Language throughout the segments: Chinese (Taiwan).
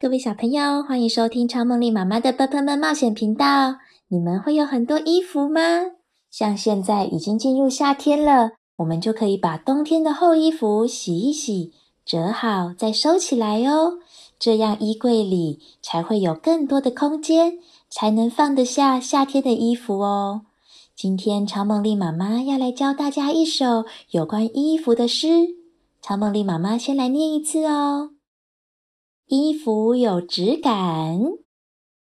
各位小朋友，歡迎收聽超夢莉媽媽的《笨笨們冒險頻道》。你們會有很多衣服嗎？像現在已經進入夏天了，我們就可以把冬天的厚衣服洗一洗，折好再收起來哦。這樣衣櫃裡才會有更多的空間，才能放得下夏天的衣服哦。今天超夢莉媽媽要來教大家一首有關衣服的詩。超夢莉媽媽先來念一次哦。衣服有質感，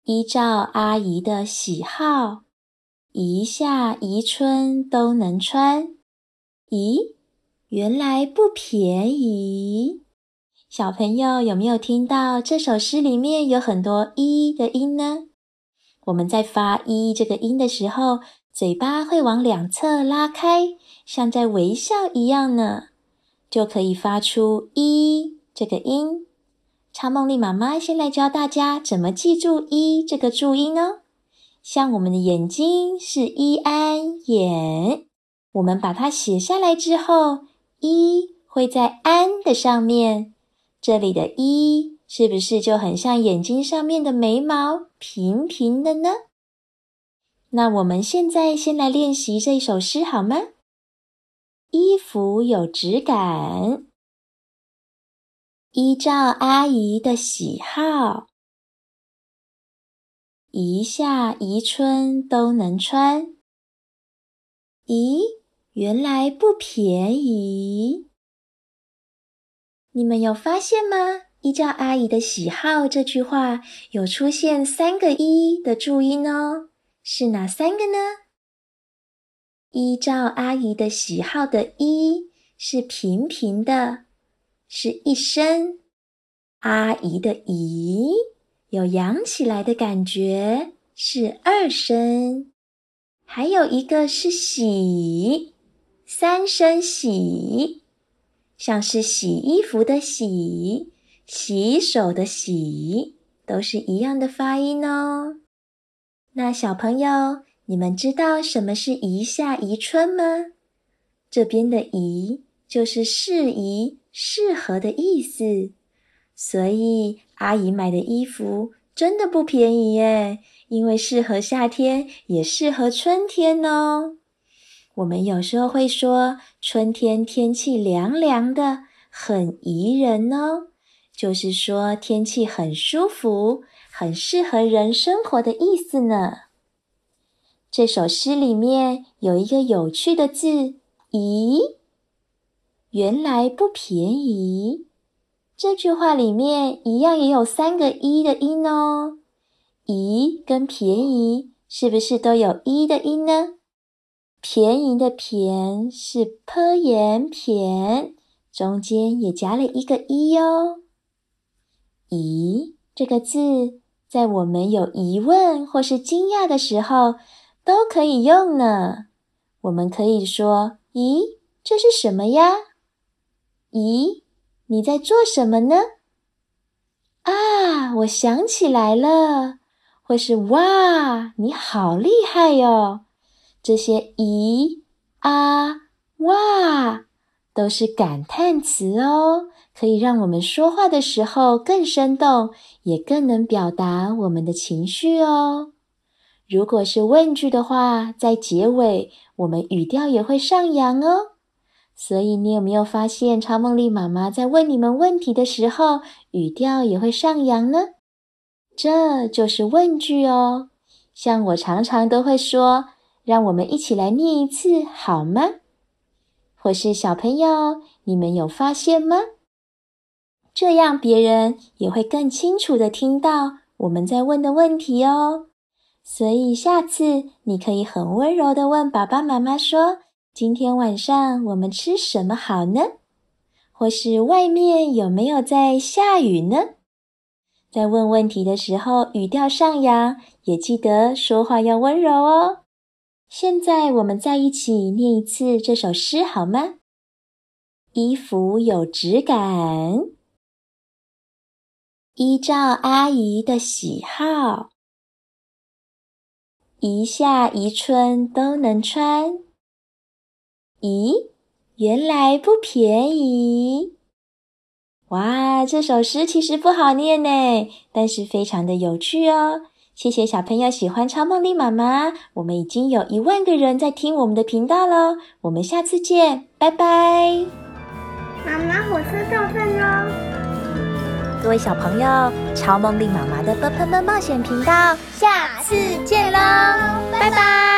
依照阿姨的喜好，宜夏宜春都能穿。咦，原來不便宜。小朋友有沒有聽到這首詩裡面有很多“一”的音呢？我們在發“一”這個音的時候，嘴巴會往兩側拉開，像在微笑一樣呢，就可以發出“一”這個音。超夢莉媽媽先來教大家怎麼記住“一”這個注音哦。像我們的眼睛是“一”安眼，我們把它寫下來之後，“一”會在“安”的上面。這裡的“一”是不是就很像眼睛上面的眉毛平平的呢？那我們現在先來練習這一首詩好嗎？衣服有質感。依照阿姨的喜好，宜夏宜春都能穿。咦，原來不便宜。你們有發現嗎？依照阿姨的喜好這句話有出現三個“一”的注音哦，是哪三個呢？依照阿姨的喜好的“一”是平平的。是一聲“阿姨”的“姨”，有揚起來的感覺；是二聲，還有一個是“洗”，三聲“洗”，像是洗衣服的“洗”，洗手的“洗”，都是一樣的發音哦。那小朋友，你們知道什麼是“宜夏宜春”嗎？這邊的“宜”就是適宜。適合的意思，所以阿姨買的衣服真的不便宜耶。因為適合夏天，也適合春天哦。我們有時候會說，春天天氣涼涼的，很宜人哦，就是說天氣很舒服，很適合人生活的意思呢。這首詩裡面有一個有趣的字，宜。原來不便宜，這句話裡面一樣也有三個“一”的音哦。咦，跟便宜是不是都有“一”的音呢？便宜的“便”是 p i an 便，中間也夾了一個“一”哦。咦，這個字在我們有疑問或是驚訝的時候都可以用呢。我們可以說：“咦，這是什麼呀？”咦，你在做什麼呢？啊，我想起來了。或是哇，你好厲害喲、哦。這些咦、啊、哇都是感嘆詞哦，可以讓我們說話的時候更生動，也更能表達我們的情緒哦。如果是問句的話，在結尾我們語調也會上揚哦。所以你有沒有發現，超夢莉媽媽在問你們問題的時候，語調也會上揚呢？這就是問句哦。像我常常都會說：“讓我們一起來念一次，好嗎？”或是小朋友，你們有發現嗎？這樣別人也會更清楚的聽到我們在問的問題哦。所以下次你可以很溫柔的問爸爸媽媽說。今天晚上我們吃什麼好呢？或是外面有沒有在下雨呢？在問問題的時候，語調上揚，也記得說話要溫柔哦。現在我們在一起念一次這首詩好嗎？衣服有質感，依照阿姨的喜好，宜夏宜春都能穿。咦，原來不便宜！哇，這首詩其實不好念呢，但是非常的有趣哦。謝謝小朋友喜歡超夢莉媽媽，我們已經有一萬個人在聽我們的頻道嘍。我們下次見，拜拜！媽媽火車到站嘍！各位小朋友，超夢莉媽媽的“蹦蹦們”冒險頻道，下次見嘍，拜拜！